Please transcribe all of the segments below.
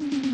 Thank you.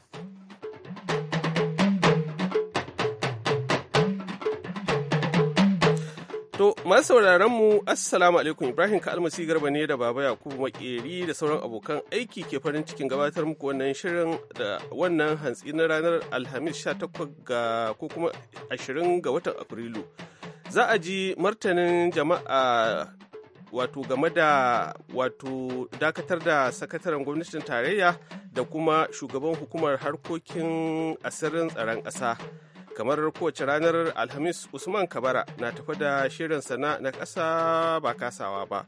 To, masu mu Assalamu alaikum Ibrahim Kalmasi Garba ne da Baba Yakubu Makeri da sauran abokan aiki ke farin cikin gabatar muku wannan shirin da wannan hantsi na ranar Alhamis 18 ga ko kuma 20 ga watan Afrilu. Za a ji martanin jama'a wato game da wato dakatar da sakataren gwamnatin tarayya da kuma shugaban hukumar harkokin asirin tsaron ƙasa. kamar kowace ranar alhamis usman kabara na tafi da shirin sana na ƙasa ba kasawa ba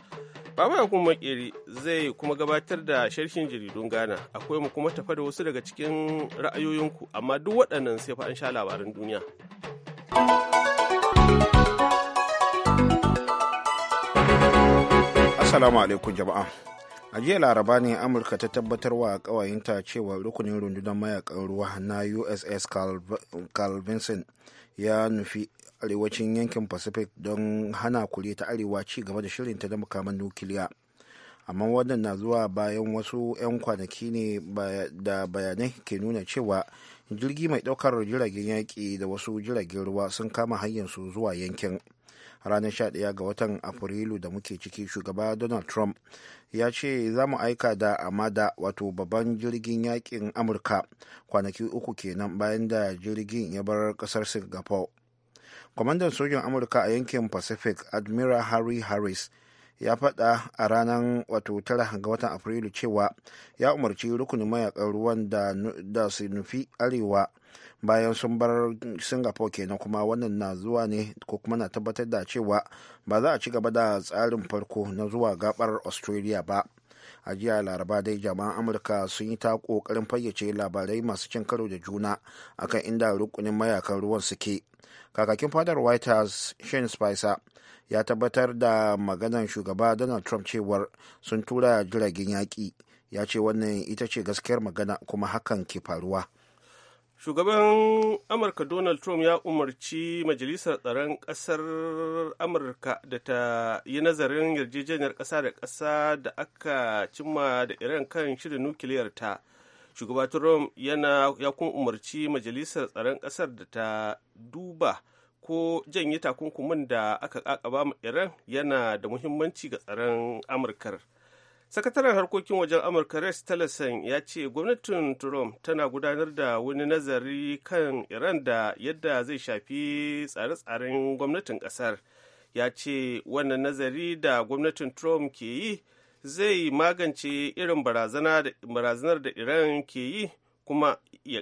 baba kuma makeri zai kuma gabatar da sharhin jaridun ghana akwai mu kuma tafi da wasu daga cikin ra'ayoyinku amma duk waɗannan sai fa an sha labarin duniya assalamu alaikum jama'a a jiya laraba ne amurka ta tabbatar wa kawayenta cewa rukunin rundunar mayakan ruwa na uss carl vinson ya nufi arewacin yankin pacific don hana kure ta arewa ci gaba da shirinta da makaman nukiliya amma wannan na zuwa bayan wasu 'yan kwanaki ne da bayanai ke nuna cewa jirgi mai daukar jiragen yaƙi da wasu jiragen ruwa sun kama hanyarsu zuwa yankin ranar 11 ga watan afrilu da muke ciki shugaba donald trump ya ce za mu aika da amada wato babban jirgin yakin amurka kwanaki uku kenan bayan da jirgin ya bar kasar singapore kwamandan sojin amurka a yankin pacific admiral harry harris ya faɗa a ranar wato tara ga watan afrilu cewa ya umarci rukunin mayakan ruwan da su nufi arewa bayan sun bar singapore kenan kuma wannan na zuwa ne ko kuma na tabbatar da cewa ba za a ci gaba da tsarin farko na zuwa gabar australia ba a jiya laraba dai jama'an amurka sun yi ta kokarin fayyace labarai masu cin karo da juna akan inda rukunin mayakan ruwan suke kakakin fadar white house shane spicer ya tabbatar da maganar shugaba donald trump cewar sun tura jiragen yaƙi ya ce wannan ita ce gaskiyar magana kuma hakan ke faruwa shugaban amurka donald trump ya umarci majalisar tsaron ƙasar amurka da ta yi nazarin yarjejeniyar ƙasa da ƙasa da aka cimma da iran kan shirin nukiliyar ta shugaba trump ya kuma umarci majalisar tsaron ƙasar da ta duba ko janye takunkumin da aka kakaba ma iran yana da muhimmanci ga tsaron amurkar sakataren harkokin wajen amurka rex tillerson ya ce gwamnatin trump tana gudanar da wani nazari kan iran da yadda zai shafi tsare-tsaren gwamnatin kasar ya ce wannan nazari da gwamnatin trump ke yi zai magance irin barazanar da iran ke yi kuma ya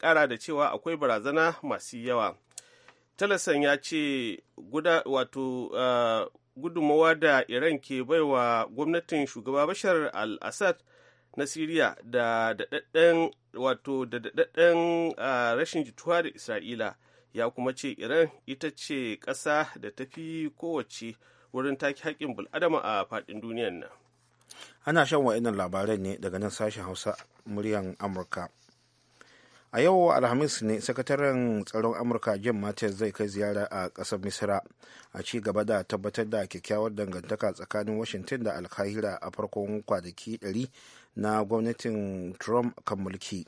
kara da cewa akwai barazana masu yawa talasan ya ce wato uh, gudunmawa da iran ke baiwa gwamnatin shugaba bashar al-assad na siriya da daɗaɗɗen wato uh, rashin jituwa da isra'ila ya kuma ce iran ita ce ƙasa da tafi fi kowace wurin take haƙƙin bul'adama a faɗin duniyan nan ana shan wa'inan labaran ne daga nan sashen hausa muryan amurka a yau alhamis ne sakataren tsaron amurka jim mattis zai kai ziyara a ƙasar misira a ci gaba da tabbatar da kyakkyawar dangantaka tsakanin washington da alkahira a farkon kwanaki 100 na gwamnatin trump kan mulki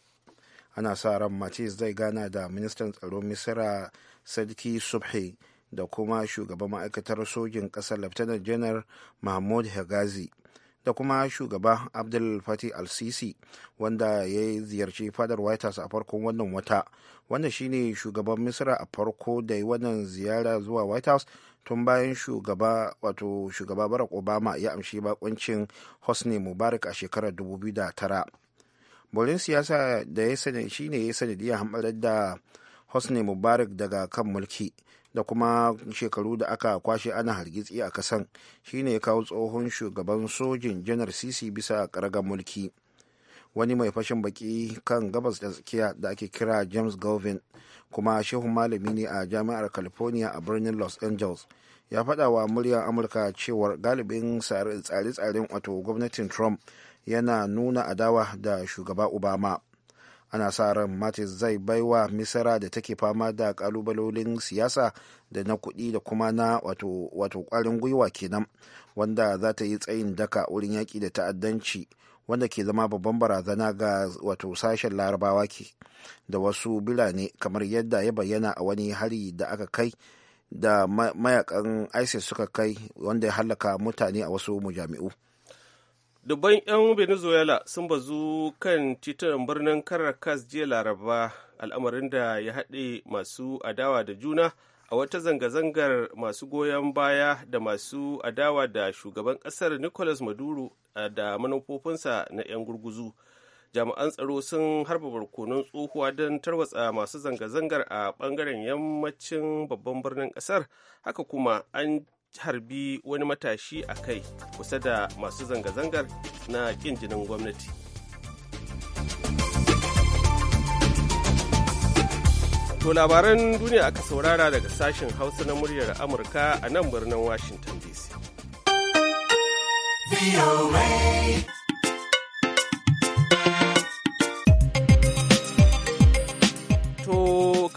ana sa ran mattis zai gana da ministan tsaron misira sadki subhi da kuma shugaban ma'aikatar sojin ƙasar lieutenant janar mahmoud hegazi da kuma shugaba abdul fatih al-sisi wanda ya ziyarci fadar white house a farkon wannan wata wanda shine shugaban misra a farko da wannan ziyara zuwa white house tun bayan shugaba wato shugaba barack obama ya amshi bakuncin hosni mubarak a shekarar 2009 bolin siyasa da ya sani shine ya sanadiyar hamɓarar da hosni mubarak daga kan mulki da kuma shekaru da aka kwashe ana hargitsi a kasan shine ya kawo tsohon shugaban sojin janar sisi bisa karagar mulki wani mai fashin baki kan gabas da tsakiya da ake kira james galvin kuma shehun malami ne a jami'ar california a birnin los angeles ya faɗa wa muryar amurka cewar galibin tsare-tsaren wato gwamnatin trump yana nuna adawa da shugaba obama ana sa ran matis zai baiwa misira da take fama da kalubalolin siyasa da na kuɗi da kuma na wato kwarin gwiwa kenan wanda za ta yi tsayin daka wurin yaƙi da ta'addanci wanda ke zama babban barazana ga wato sashen larabawa ke da wasu birane kamar yadda ya bayyana a wani hari da aka kai da mayakan isis suka kai wanda ya hallaka mutane a wasu mujami'u. dubban 'yan venezuela sun bazu kan titunan birnin caracas jiya laraba al'amarin da ya haɗe masu adawa da juna a wata zanga-zangar masu goyon baya da masu adawa da shugaban ƙasar nicolas maduro da manufofinsa na 'yan gurguzu jami'an tsaro sun harba barkonon tsohuwa don tarwatsa masu zanga-zangar a ɓangaren yammacin babban birnin ƙasar haka kuma an harbi wani matashi a kai kusa da masu zanga-zangar na ƙin jinin gwamnati to labaran duniya aka saurara daga sashen hausa na muryar amurka a nan birnin washington dc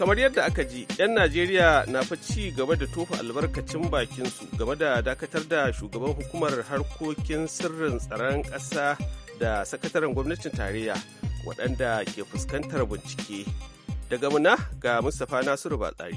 kamar yadda aka ji 'yan najeriya na fa ci gaba da tofa albarkacin bakinsu game da dakatar da shugaban hukumar harkokin sirrin tsaron ƙasa da sakataren gwamnatin tarayya waɗanda ke fuskantar bincike daga muna ga mustapha nasiru batsari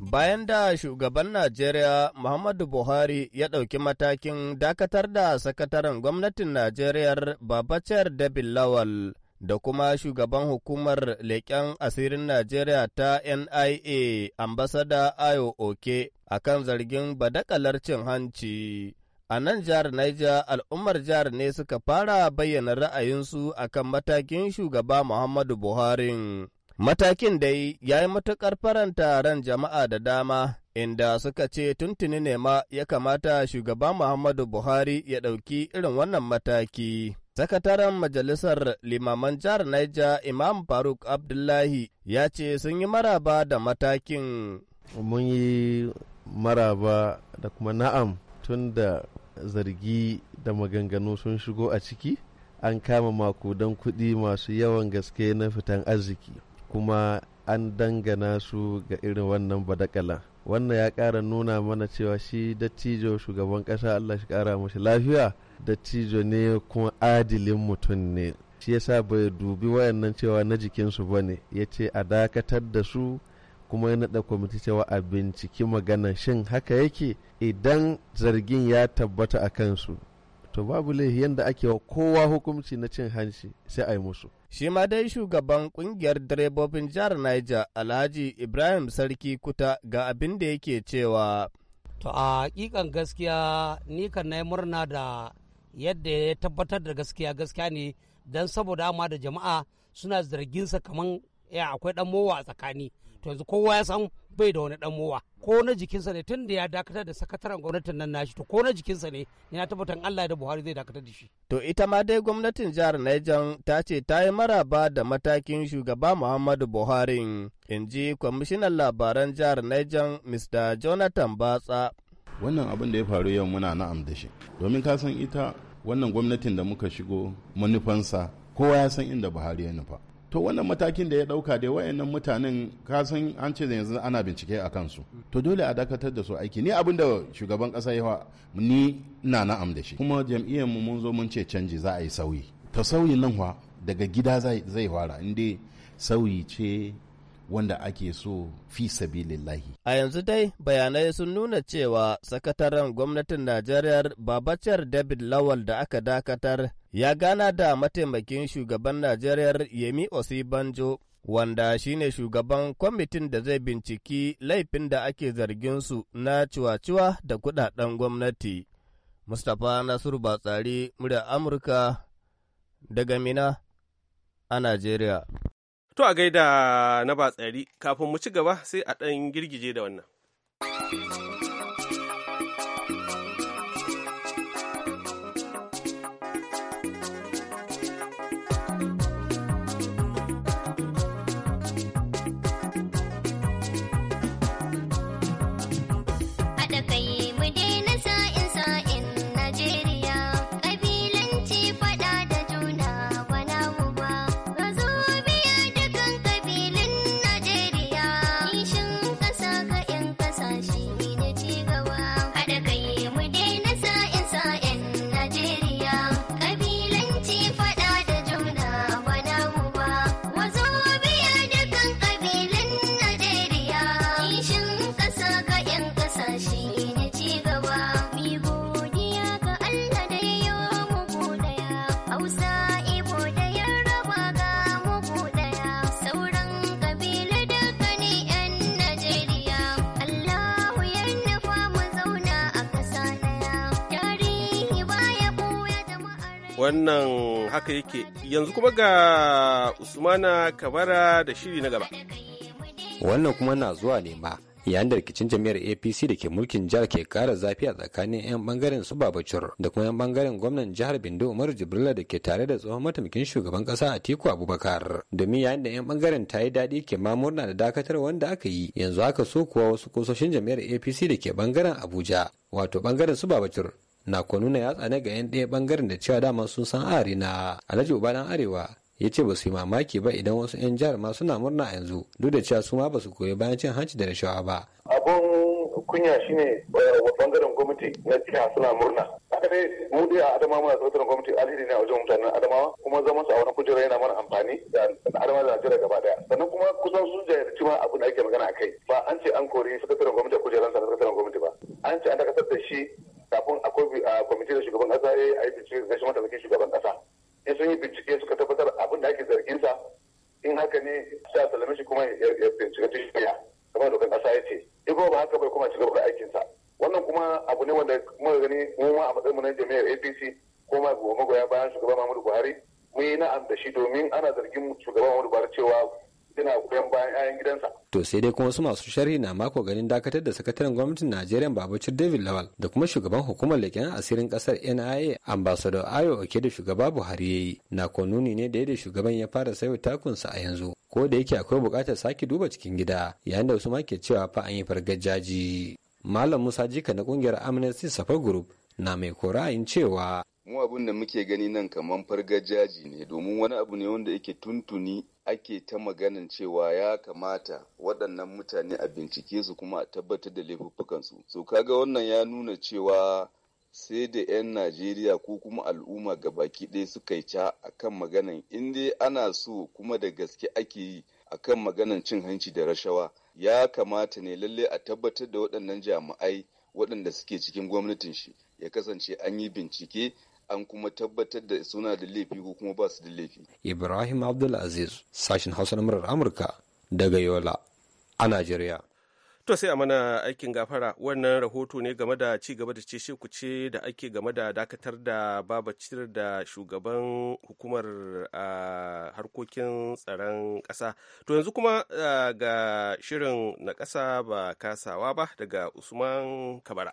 bayan da shugaban najeriya muhammadu buhari ya ɗauki matakin dakatar da sakataren gwamnatin najeriyar babacar dabil lawal da kuma shugaban hukumar leƙen asirin Najeriya ta NIA ambasada Ayo Oke a kan zargin badakalar cin hanci. A nan jihar Niger al'ummar jihar ne suka fara bayyana ra'ayinsu a kan matakin shugaba Muhammadu Buhari. Matakin dai ya yi matuƙar faranta ran jama'a da dama, inda suka ce tuntuni ne ma ya kamata shugaba Muhammadu Buhari ya ɗauki irin wannan mataki. Sakataren Majalisar Limaman Jihar Niger Imam Faruk Abdullahi ya ce sun yi maraba da matakin. Mun yi maraba da kuma na'am tun da zargi da maganganu sun shigo a ciki an kama makudan kuɗi masu yawan gaske na fitan arziki kuma an dangana su ga irin wannan badakala. Wannan ya ƙara nuna mana cewa shi dattijo shugaban ƙasa Allah shi ƙara mashi lafiya. dattijo ne kuma adilin mutum ne shi yasa bai dubi wayannan cewa na jikinsu ba ne ya ce a dakatar da su kuma ya naɗa kwamiti cewa a binciki magana shin haka yake idan zargin ya tabbata a kansu to babu laifi yadda ake wa kowa hukunci na cin hanci sai a yi musu shi ma dai shugaban kungiyar direbobin jihar niger alhaji ibrahim sarki kuta ga abin da yake cewa to a hakikan gaskiya ni kan na murna da yadda ya tabbatar da gaskiya gaskiya ne don saboda amma da jama'a suna zarginsa kaman ya akwai dan mowa a tsakani to yanzu kowa ya san bai da wani dan mowa ko na jikinsa ne tun da ya dakatar da sakataren gwamnatin nan nashi to ko na jikinsa ne yana tabbatar Allah da Buhari zai dakatar da shi to ita ma dai gwamnatin jihar Niger ta ce ta yi maraba da matakin shugaba Muhammadu Buhari in ji kwamishinan labaran jihar Niger Mr Jonathan Batsa wannan abin da ya faru yau muna na'am da shi domin ka san ita wannan gwamnatin da muka shigo manufansa kowa ya san inda buhari ya nufa to wannan matakin da ya dauka da wayannan mutanen ka san an ce yanzu ana bincike a kansu to dole a dakatar da su aiki ni abin da shugaban kasa ya ni na na'am da shi kuma jam'iyyar mu mun zo mun ce canji za a yi sauyi ta sauyi nan wa daga gida zai fara inda sauyi ce wanda ake so fi sabilillahi. A yanzu dai bayanai sun nuna cewa sakataren gwamnatin Najeriya Babacar David Lawal da aka dakatar ya gana da mataimakin shugaban Najeriya Yemi Osibanjo wanda shine shugaban kwamitin da zai binciki laifin da ake zargin su na ciwaciwa da kudaden gwamnati. Mustapha Nasiru Batsari, murya Amurka daga Mina a Najeriya. To a gaida na ba tsari kafin mu ci gaba sai a ɗan girgije da wannan. wannan haka yake yanzu kuma ga usmana kabara da shiri na gaba wannan kuma na zuwa ne ma yayin da rikicin jami'ar apc da ke mulkin jihar ke kara zafi a tsakanin 'yan bangaren su babacur da kuma 'yan bangaren gwamnan jihar bindo umaru jibrila da ke tare da tsohon mataimakin shugaban kasa atiku abubakar domin yayin da 'yan bangaren ta yi daɗi ke ma murna da dakatar wanda aka yi yanzu aka so kuwa wasu kusoshin jami'ar apc da ke bangaren abuja wato bangaren su babacur na ko nuna yatsa ga yan ɗaya bangaren da cewa dama sun san ari na alhaji ubanan arewa ya ce ba su yi mamaki ba idan wasu 'yan jihar ma suna murna a yanzu duk da cewa su ma ba su koyi bayan cin hanci da rashawa ba. abun kunya shine eh, wa bangaren gwamnati na jiha suna murna haka dai mu dai a adama muna sautar gwamnati alhiri ne a wajen mutanen adamawa kuma zaman su a wani kujera yana mana amfani da adama da najeriya gaba daya sannan kuma kusan sun da ma abin da ake magana a kai ba an ce an kori sakataren gwamnati a kujeran sa sakataren gwamnati ba an ce an dakatar da shi kafin a kwamiti da shugaban kasa ya eh, yi a yi bincike da shi mataimakin shugaban kasa in sun yi bincike suka tabbatar abin da ake zargin sa in haka ne sai a salame shi kuma ya bincike ta shirya kamar dokan kasa ya ce in kuma ba haka bai kuma ci gaba da aikin sa wannan kuma abu ne wanda muka gani mu ma a matsayin mu na jami'ar APC ko ma magoya bayan shugaban Muhammadu Buhari mun yi na'am da shi domin ana zargin shugaban Muhammadu Buhari cewa yana goyon bayan 'ya'yan gidansa to sai dai kuma wasu masu sharhi na mako ganin dakatar da sakataren gwamnatin najeriya babacir david lawal da kuma shugaban hukumar leken asirin kasar nia ambassador ayo oke da shugaba buhari ya yi na konuni ne da yadda shugaban ya fara sayo takunsa a yanzu ko da yake akwai bukatar sake duba cikin gida yayin da wasu ma ke cewa fa an yi fargajaji malam musa jika na kungiyar amnesty safa group na mai korayin cewa mu abin da muke gani nan kamar fargajaji ne domin wani abu ne wanda yake tuntuni ake ta maganin cewa ya kamata waɗannan mutane a bincike su kuma a tabbatar da su. so kaga wannan ya nuna cewa sai da 'yan najeriya ko kuma al'umma ga baki ɗaya suka yi ca a kan in dai ana so kuma da gaske ake yi a kan maganan cin hanci da rashawa ya kamata ne lalle a tabbatar da waɗannan jami'ai waɗanda suke cikin gwamnatin shi ya kasance an yi bincike an kuma tabbatar da suna da laifi ko kuma ba su da laifi. Ibrahim Abdulaziz sashen Hausa na murar Amurka daga Yola a Najeriya. To sai a mana aikin gafara wannan rahoto ne game da ci gaba da ce ce da ake game da dakatar da babacir da shugaban hukumar harkokin tsaron ƙasa. To yanzu kuma ga shirin na ƙasa ba kasawa ba daga Usman Kabara.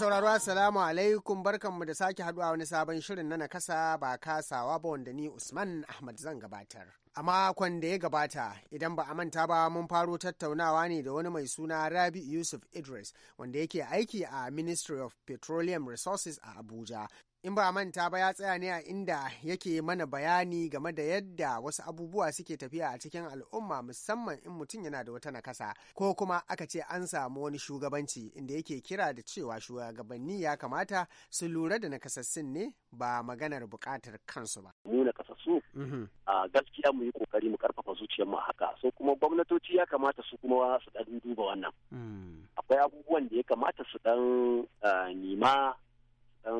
sauraro assalamu alaikum barkanmu da sake haduwa wani sabon shirin na nakasa ba kasawa ba wanda ni Usman Ahmad zan gabatar. A makon da ya gabata idan ba a manta ba mun faro tattaunawa ne da wani mai suna Rabi Yusuf Idris wanda yake aiki a Ministry of Petroleum Resources a Abuja in ba manta ba ya tsaya ne a inda yake mana bayani game da yadda wasu abubuwa suke tafiya a cikin al'umma musamman in mutum yana da wata nakasa ko kuma aka ce an samu wani shugabanci inda yake kira da cewa shugabanni ya kamata su lura da nakasassun ne ba maganar bukatar kansu ba. Mu nakasassu mhm. a gaskiya mu yi kokari mu karfafa zuciyar mu haka so kuma gwamnatoci ya kamata su kuma su dan duba wannan. Hmm. Akwai abubuwan da ya kamata su dan eh, nima dan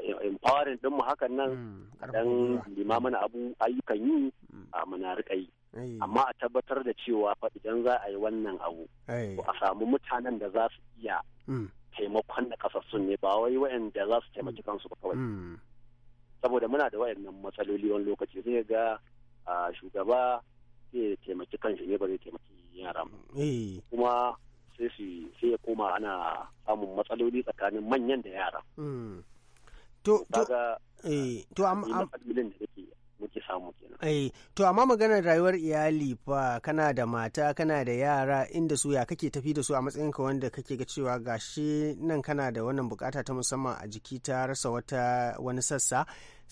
eh, empowering din mu hakan nan hmm, dan lima mana abu ayyukan yi hmm. a muna rika yi amma a tabbatar da cewa fa idan za a yi wannan abu a samu mutanen da za su iya hmm. taimakon da kasassun ne ba wai da za su taimaki kansu ba kawai saboda muna da waɗannan matsaloli wani lokaci zai ga shugaba zai taimaki kanshi ne ba zai taimaki yaran kuma sai su sai ya koma ana samun matsaloli tsakanin manyan da yara to to amma maganar rayuwar iyali fa kana da mata kana da yara inda su ya kake tafi da su a matsayinka wanda kake ga cewa gashi nan kana da wannan bukata ta musamman a jiki ta rasa wata wani sassa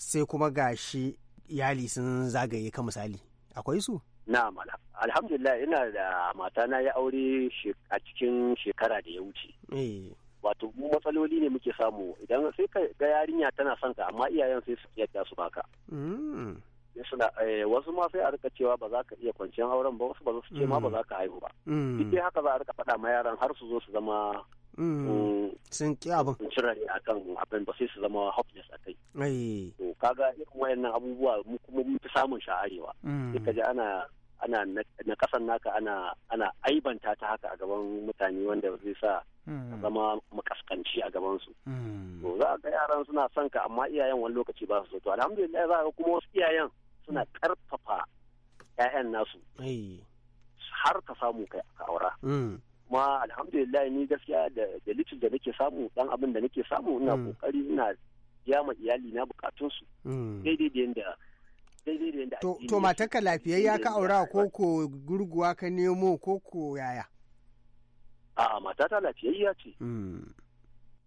sai kuma gashi iyali sun zagaye ka misali akwai su na mala alhamdulillah ina da mata na ya aure a cikin shekara da ya wuce eh. wato mu matsaloli ne muke samu idan sai ka ga yarinya tana son ka amma iyayen sai su yadda su baka hmm. suna eh, wasu ma sai a rika cewa ba za ka iya kwanciyar auren ba wasu ba su ce ma ba hmm. za ka haihu ba hmm. duk haka za a rika faɗa ma yaran har su zo su zama mm, sun ki abin sun cire a abin ba sai su zama hopeless a kai eh. kaga irin wayannan abubuwa mu kuma mun fi samun sha arewa mm. ka ji ana ana na kasan naka ana ana aibanta ta haka a gaban mutane wanda zai sa mm. zama makaskanci a gaban su mm. to za ga yaran suna son ka amma iyayen wani lokaci ba su so to alhamdulillah za ga kuma wasu iyayen suna karfafa ƴaƴan nasu har ka samu kai ka aura kuma alhamdulillah ni gaskiya da littafin da nake samu dan abin da nake samu ina kokari ina biya ma iyali na bukatunsu hmm. daidai da daidai da yanda to matarka lafiyayya ka aura ko ko gurguwa ka nemo ko ko yaya a'a matata lafiyayya ce hmm.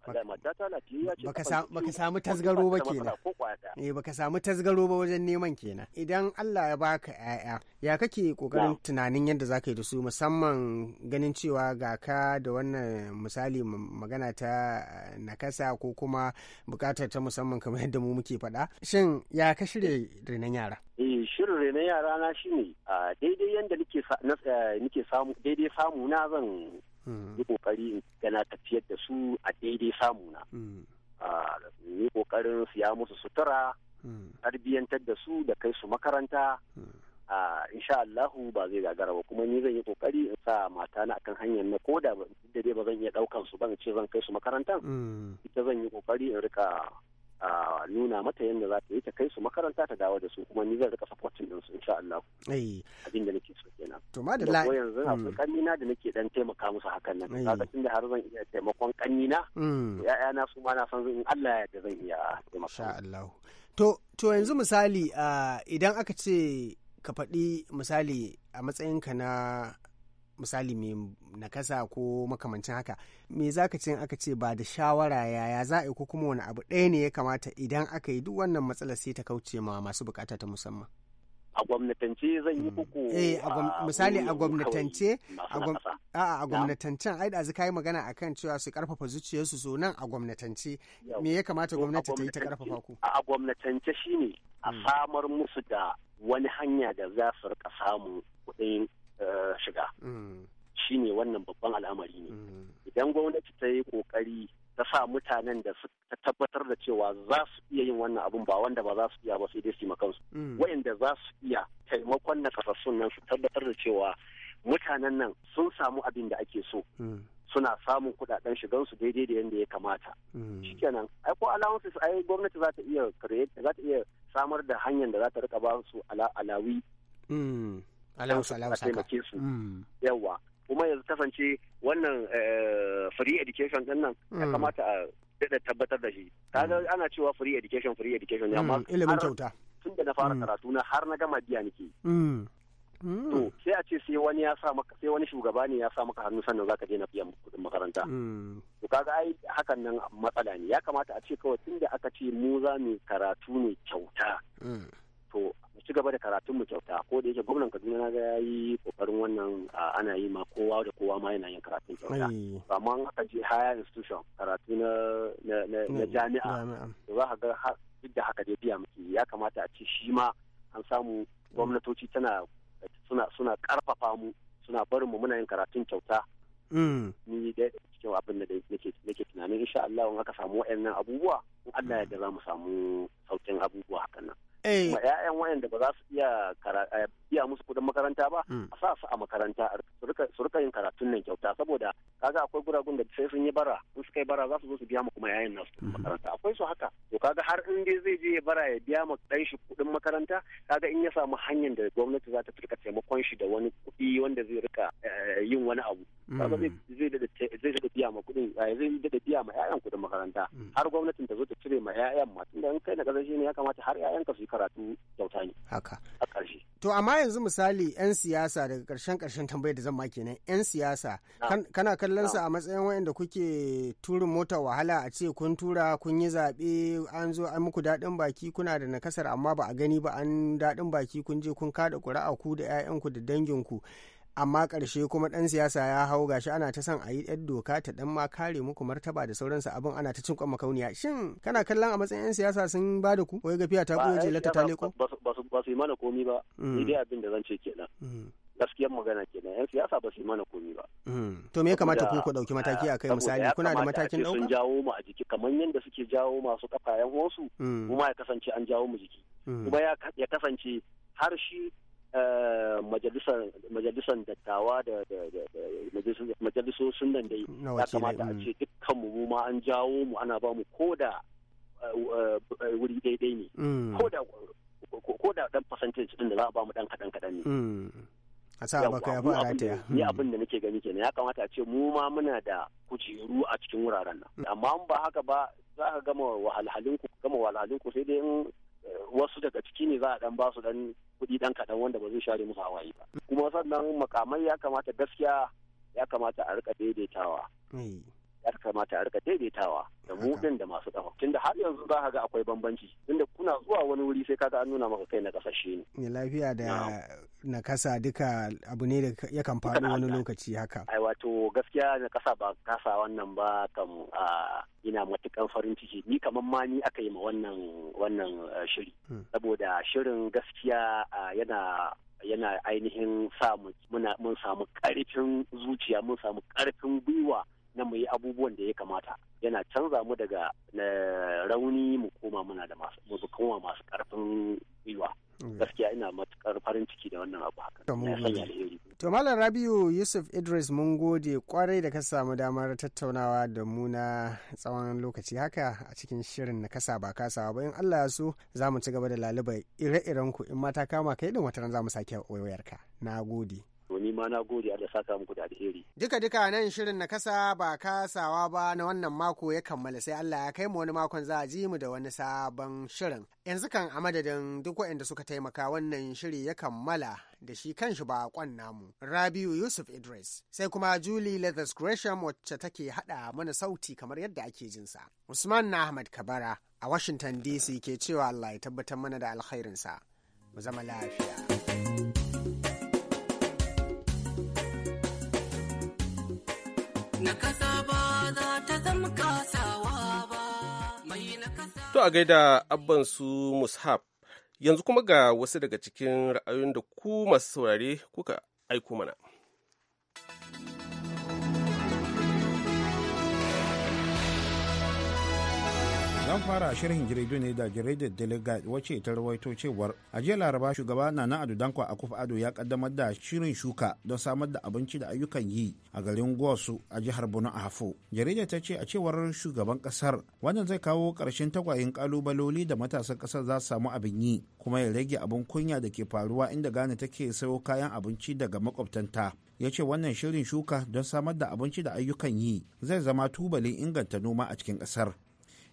baka samu tasgaro ba kenan eh baka samu tasgaro ba wajen neman kenan idan Allah ya baka yaya ya kake kokarin tunanin yadda zaka yi da su musamman ganin cewa ga ka da wannan misali magana ta eh, nakasa ko kuma bukatar ta musamman kamar yadda mu muke faɗa shin ya ka shirya renon yara eh shirin renon yara na shine eh, daidai yadda nake samu daidai samu na zan Mm. yi kokari in gana tafiyar da su a daidai samuna mm. ah, yi kokarin siya musu sutura mm. tarbiyyantar da su da kai su makaranta ah, insha Allahu ba zai gagara ba kuma ni zan yi kokari in sa mata na akan hanyar na koda da ba zan iya daukan su ban ce zan kai su makarantan ita zan yi kokari in rika a nuna mata yadda za ta yi ta kai su makaranta ta dawo da su kuma ni zan rika supporting din su insha Allah abin da nake so kenan to da ko yanzu mm. akwai kannina da nake dan taimaka musu hakan nan kaga tunda har zan iya taimakon kannina ya'ya mm. na su ma na san in Allah ya yarda zan iya taimaka insha Allah to to yanzu misali ah, idan aka ce ka faɗi misali a matsayinka na misali mai nakasa ko makamancin haka me za ka ce aka ce ba da shawara yaya za a yi ko kuma wani abu ɗaya ne ya kamata idan aka yi duk wannan matsalar sai ta kauce ma masu bukata ta musamman a gwamnatance zan yi kuku mm. eh misali a gwamnatance a a gwamnatancen ai da zai yi magana akan cewa su karfafa zuciyarsu so nan a gwamnatance me ya kamata gwamnati ta yi ta karfafa ku a gwamnatance shine a mm. samar musu da wani hanya da za su rika samu kuɗin Eh, shiga mm. shine wannan babban al'amari ne mm. idan gwamnati ta yi kokari ta sa mutanen da su ta tabbatar da cewa za su iya yin wannan abun ba wanda ba za su iya ba sai dai su kansu mm. wa'inda za su iya taimakon na kasassun nan su tabbatar da cewa mutanen nan sun samu abin da ake so suna samun kudaden shigan su daidai da yadda ya kamata shikenan ai ko allowances ai gwamnati za ta iya za ta iya samar da hanyar da za ta rika ba su alawi don su taimake su mm. yawa kuma yanzu kasance wannan eh, free education din nan ya mm. kamata a daɗa tabbatar da shi kaga mm. ana cewa free education free education ne amma ilimin kyauta tun da na fara karatu na har na gama biya nake to sai a ce sai wani ya sa maka sai wani shugaba ne ya sa maka hannu sannan zaka je na biyan kuɗin makaranta to kaga ai hakan nan matsala ne ya kamata a ce kawai da aka ce mu za mu karatu ne kyauta to ci gaba da karatun mu kyauta ko da yake gwamnan Kaduna na ga yayi kokarin wannan ana yi ma kowa da kowa ma yana yin karatun kyauta amma an aka je higher institution karatu na na jami'a za ka ga duk da haka dai biya muke ya kamata a ce shi ma an samu gwamnatoci tana suna suna karfafa mu suna barin mu muna yin karatun kyauta mm. ni da cikin abin da nake tunanin insha Allah in aka samu wa'annan abubuwa in Allah ya da za mu samu saukin abubuwa hakan nan Eh. ma 'ya'yan wayanda ba za su iya eh, biya musu kudin makaranta ba hmm. a sa su a makaranta su rika yin karatun nan kyauta saboda kaga akwai guragun da sai sun yi bara in suka yi bara za su zo su biya mu kuma yayin nasu hmm. makaranta akwai su haka to kaga har in dai zai je ya bara ya biya ma dan shi kuɗin makaranta kaga in ya samu hanyar da gwamnati za ta rika taimakon shi da wani kuɗi wanda zai rika eh, yin wani abu hmm. kaga zai zai biya ma eh, zai da biya ma yayan kuɗin makaranta har gwamnatin ta zo ta cire ma yayan ma tunda in kai na kasashe ne ya kamata har yayan ka su yi karatu kyauta ne haka a ƙarshe to amma yanzu misali 'yan siyasa daga karshen karshen tambayar da zan maki kenan 'yan siyasa kana kallon sa a matsayin wayanda kuke turin mota wahala a ce kun tura kun yi zaɓe an zo an muku daɗin baki kuna da nakasar amma ba a gani ba an daɗin baki kun je kun kada ƙuri'a ku da 'ya'yanku da danginku amma ƙarshe kuma ɗan siyasa ya hau gashi ana ta son a yi ɗan doka ta ɗan ma kare muku martaba da sauransu abin ana ta cin kauniya shin kana kallon a matsayin 'yan siyasa sun ba da ku wai gafiya ta ɓoye jelata ta leko ba su yi mana komi ba mm. dai abin da zan ce kenan mm. gaskiyar magana kenan 'yan siyasa ba su yi mana komi ba mm. to me ya kamata ku ku ɗauki mataki a kai misali kuna da matakin ɗauka sun jawo mu a jiki kamar yadda suke jawo masu kafa yan wasu kuma ya kasance an jawo mu jiki kuma ya kasance har shi Eh, majalisar dattawa da majalisosun nan da ya kamata a mm. ce dukkanmu mu ma an jawo mu ana ba mu ko da eh, eh, wuri daidai ne mm. ko da dan percentage din da za a ba mu dan kadan kadan ne mm. a sa baka ya ba rataya ni abin da nake gani kenan ya kamata a ce mu ma muna da kujeru a cikin wuraren nan amma ba haka ba za ka gama wahalhalin ku gama wahalhalin ku sai dai wasu daga ciki ne za a dan basu su dan kuɗi dan kaɗan wanda ba zai share musu hawaye ba kuma sannan makamai ya kamata gaskiya ya kamata a rika daidaitawa yar kamata a rika daidaitawa da mu din da masu kafa tunda har yanzu za ka ga akwai bambanci da kuna zuwa wani wuri sai kaga an nuna maka kai na kasashe ne lafiya da na kasa duka abu ne da yakan faɗo wani lokaci haka ai wato gaskiya na kasa ba kasa wannan ba kam a ina matukan farin ciki ni kamar ma ni aka yi ma wannan wannan shiri hmm. saboda shirin gaskiya yana yana ainihin sa mu mun samu karfin zuciya mun samu karfin gwiwa na mu yi abubuwan da ya kamata yana canza mu daga rauni mu koma muna da masu masu karfin gwiwa mm. gaskiya ina matukar farin ciki da wannan abu haka to malam rabiu yusuf idris mun gode kwarai da ka samu damar tattaunawa da mu na tsawon lokaci haka a cikin shirin na kasa ba kasawa ba in allah ya so za mu ci gaba da laluba ire-iren ku in mata kama kai din wata ran za mu sake wayoyarka na gode to ni ma na gode Allah saka muku da alheri duka duka nan shirin na kasa ba kasawa ba na wannan mako ya kammala sai Allah ya kai mu wani makon za a ji mu da wani sabon shirin yanzu kan a madadin duk waɗanda suka taimaka wannan shiri ya kammala da shi kanshi bakon namu Rabiu Yusuf Idris sai kuma Julie Leathers Gresham wacce take haɗa mana sauti kamar yadda ake jinsa Usman na Ahmad Kabara a Washington DC ke cewa Allah ya tabbatar mana da alkhairinsa mu zama lafiya. To a gaida abban su yanzu kuma ga wasu daga cikin ra'ayoyin da ku masu saurare kuka aiko mana. zan fara shirin jaridu ne da jaridar delegate wacce ta rawaito cewar a jiya laraba shugaba na ado dankwa akuf ado ya kaddamar da shirin shuka don samar da abinci da ayyukan yi a garin gosu a jihar borno a hafo jaridar ta ce a cewar shugaban kasar wannan zai kawo karshen tagwayen kalubaloli da matasan kasar za su samu abin yi kuma ya rage abin kunya da ke faruwa inda gane take sayo kayan abinci daga makwabtanta ya ce wannan shirin shuka don samar da abinci da ayyukan yi zai zama tubalin inganta noma a cikin kasar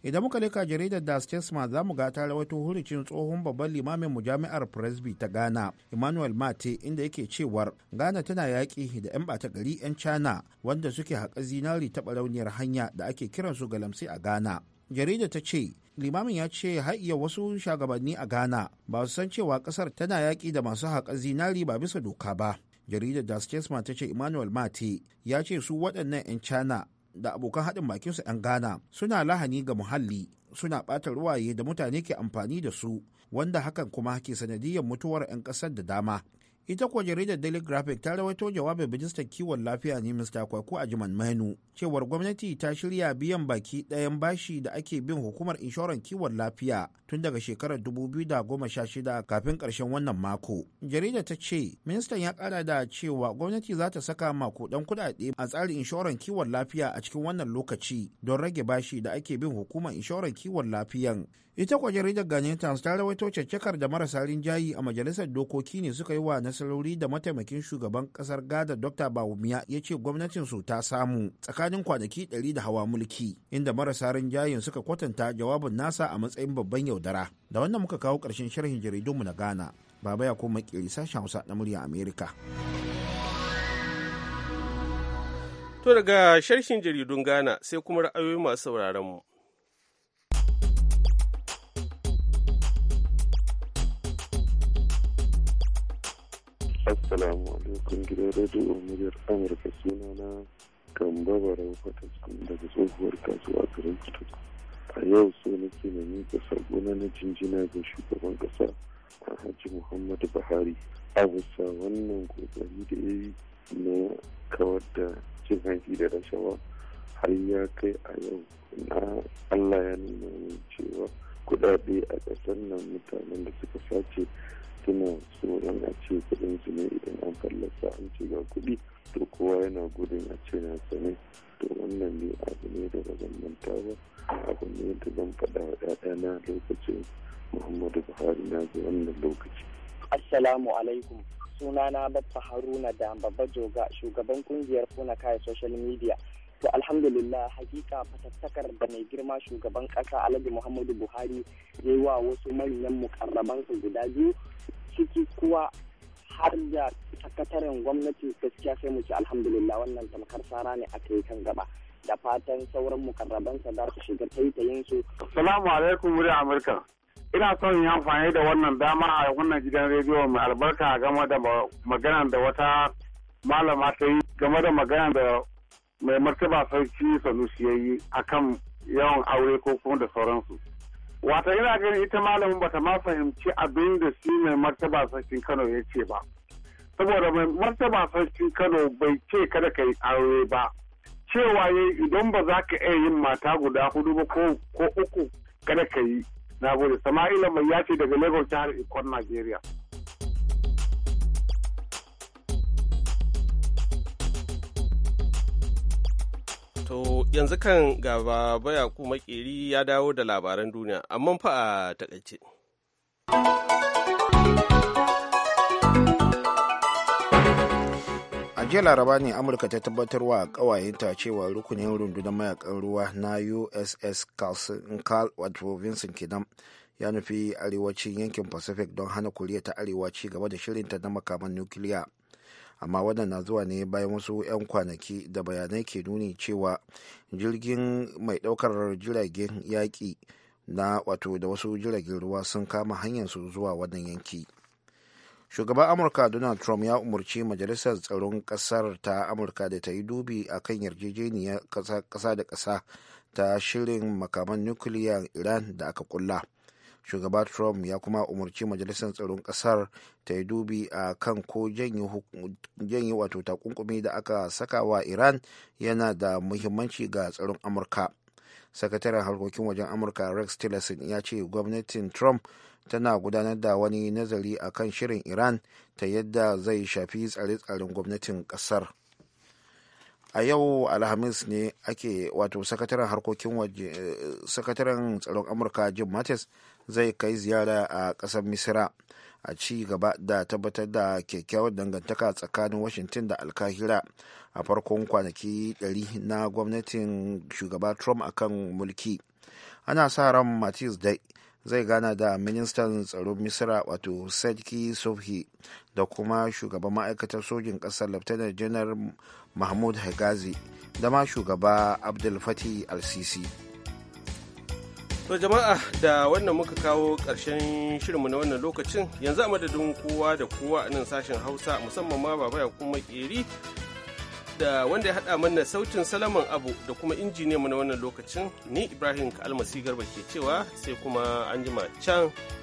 idan muka leka jaridar das statesman za mu ga ta rawaito hurucin tsohon babban limamin mu jami'ar presby ta ghana emmanuel mate inda yake cewar ghana tana yaƙi da 'yan bata gari 'yan china wanda suke haƙa zinari ta barauniyar hanya da ake kiran kiransu galamsi a ghana jaridar ta ce limamin ya ce iya wasu shagabanni a ghana ba su san cewa ƙasar tana yaƙi da masu haƙar zinari ba bisa doka ba jaridar da statesman ta ce emmanuel mate ya ce su waɗannan 'yan china da abokan haɗin bakinsu 'yan Ghana suna lahani ga muhalli suna ɓata ruwaye da mutane ke amfani da su wanda hakan kuma ke sanadiyar mutuwar 'yan ƙasar da dama ita kuwa jaridar daily graphic ta rawaito jawabin ministan kiwon lafiya ne mr kwaku a jiman mahinu cewar gwamnati ta shirya biyan baki ɗayan bashi da ake bin hukumar inshoran kiwon lafiya tun daga shekarar 2016 kafin ƙarshen wannan mako jaridar ta ce ministan ya ƙara da cewa gwamnati za ta saka mako ɗan kuɗaɗe a tsarin inshoran kiwon lafiya a cikin wannan lokaci don rage bashi da ake bin hukumar inshoran kiwon lafiyan ita kwa jaridar Ghanaian Times ta rawaito caccakar da marasa rinjayi a majalisar dokoki ne suka yi wa nasarori da mataimakin shugaban kasar gada Dr. Bawumia ya ce gwamnatinsu ta samu tsakanin kwanaki 100 da hawa mulki inda marasa rinjayin suka kwatanta jawabin nasa a matsayin babban yaudara. Da wannan muka kawo karshen sharhin jaridunmu na Ghana. Baba ya koma kiri sashen Hausa na murya Amerika. To daga sharhin jaridun Ghana sai kuma ra'ayoyi masu sauraron mu. Assalamu alaikum gidan rediyo muryar Amurka suna sunana kan babara Fataskun daga tsohuwar kasuwa garin kitu A yau so nake na miƙa sabo na jinjina ga shugaban ƙasa Alhaji Muhammadu Buhari a bisa wannan kokari da ya yi na kawar da cin hanci da rashawa har ya kai a yau na Allah ya nuna cewa kuɗaɗe a ƙasar nan mutanen da suka sace suna so in a ce kudin su ne idan an fallasa an ce ga kuɗi to kowa yana gudun a ce na sane to wannan ne abu ne da ba zan manta ba abu ne da zan faɗa wa ɗaɗana lokacin muhammadu buhari na zuwa wannan lokaci assalamu alaikum sunana baffa haruna da babba joga shugaban kungiyar kuna kaya social media To alhamdulillah hakika fatattakar da mai girma shugaban kasa Alhaji Muhammadu Buhari ya wa wasu manyan su guda biyu ciki kuwa har da sakataren gwamnati gaskiya sai mu ci alhamdulillah wannan tamkar sara ne aka yi kan gaba da fatan sauran mukarrabansa za su shiga taitayin su. Salamu alaikum wuri Amurka. Ina son yin amfani da wannan dama a wannan gidan rediyo mai albarka game da maganar da wata malama ta yi game da maganar da mai martaba sarki sanusi ya yi kan yawan aure ko kuma da sauransu wata ina ganin ita malamin bata ma fahimci abin da shi mai martaba sarkin kano ya ce ba saboda mai martaba sarkin kano bai ce kada ka yi aure ba cewa ya idan ba za ka iya yin mata guda hudu ba ko uku kada ka yi na gode sama'ila mai ya ce daga lagos jihar ikon najeriya To yanzu kan gaba baya ku makeri ya dawo da labaran duniya, amma fa a takaice. a jiya laraba ne amurka ta tabbatar wa ƙawayenta cewa rukunin rundunar mayakan ruwa na uss carl wato vincent kenan ya nufi arewacin yankin pacific don hana koriya ta arewa ci gaba da shirinta na makaman nukiliya amma wannan na zuwa ne bayan wasu 'yan kwanaki da bayanai ke nuni cewa jirgin mai ɗaukar jiragen yaƙi na wato da wasu jiragen ruwa sun kama hanyarsu zuwa wannan yanki shugaban amurka donald trump ya umarci majalisar tsaron ƙasar ta amurka da ta yi dubi a kan yarjejeniyar ƙasa da ƙasa ta shirin makaman nukiliyar iran da aka kulla. shugaba trump ya kuma umarci majalisar tsaron kasar ta yi dubi a kan ko janye wato takunkumi da aka saka wa iran yana da muhimmanci ga tsaron amurka sakataren harkokin wajen amurka rex tillerson ya ce gwamnatin trump tana gudanar da wani nazari a kan shirin iran ta yadda zai shafi tsare-tsaren gwamnatin kasar a yau alhamis ne ake wato sakataren harkokin waje eh, sakataren tsaron amurka jim mattis zai kai ziyara a ƙasar misira a ci gaba da tabbatar da kyakkyawar dangantaka tsakanin washington da alkahira a farkon kwanaki 100 na gwamnatin shugaba trump akan mulki ana sa ran matis dai zai gana da ministan tsaron misira wato sadki sufi da kuma shugaban ma'aikatar sojin ƙasar lieutenant janar mahmud hagazi da ma shugaba abdulfati al-sisi To jama'a da wannan muka kawo ƙarshen shirinmu na wannan lokacin yanzu a madadin kowa da kowa a nan sashen Hausa musamman ma baba ya kuma ƙeri da wanda ya haɗa mana sautin salaman abu da kuma injiniyanmu na wannan lokacin ni Ibrahim Almasi Garba ke cewa sai kuma an jima can.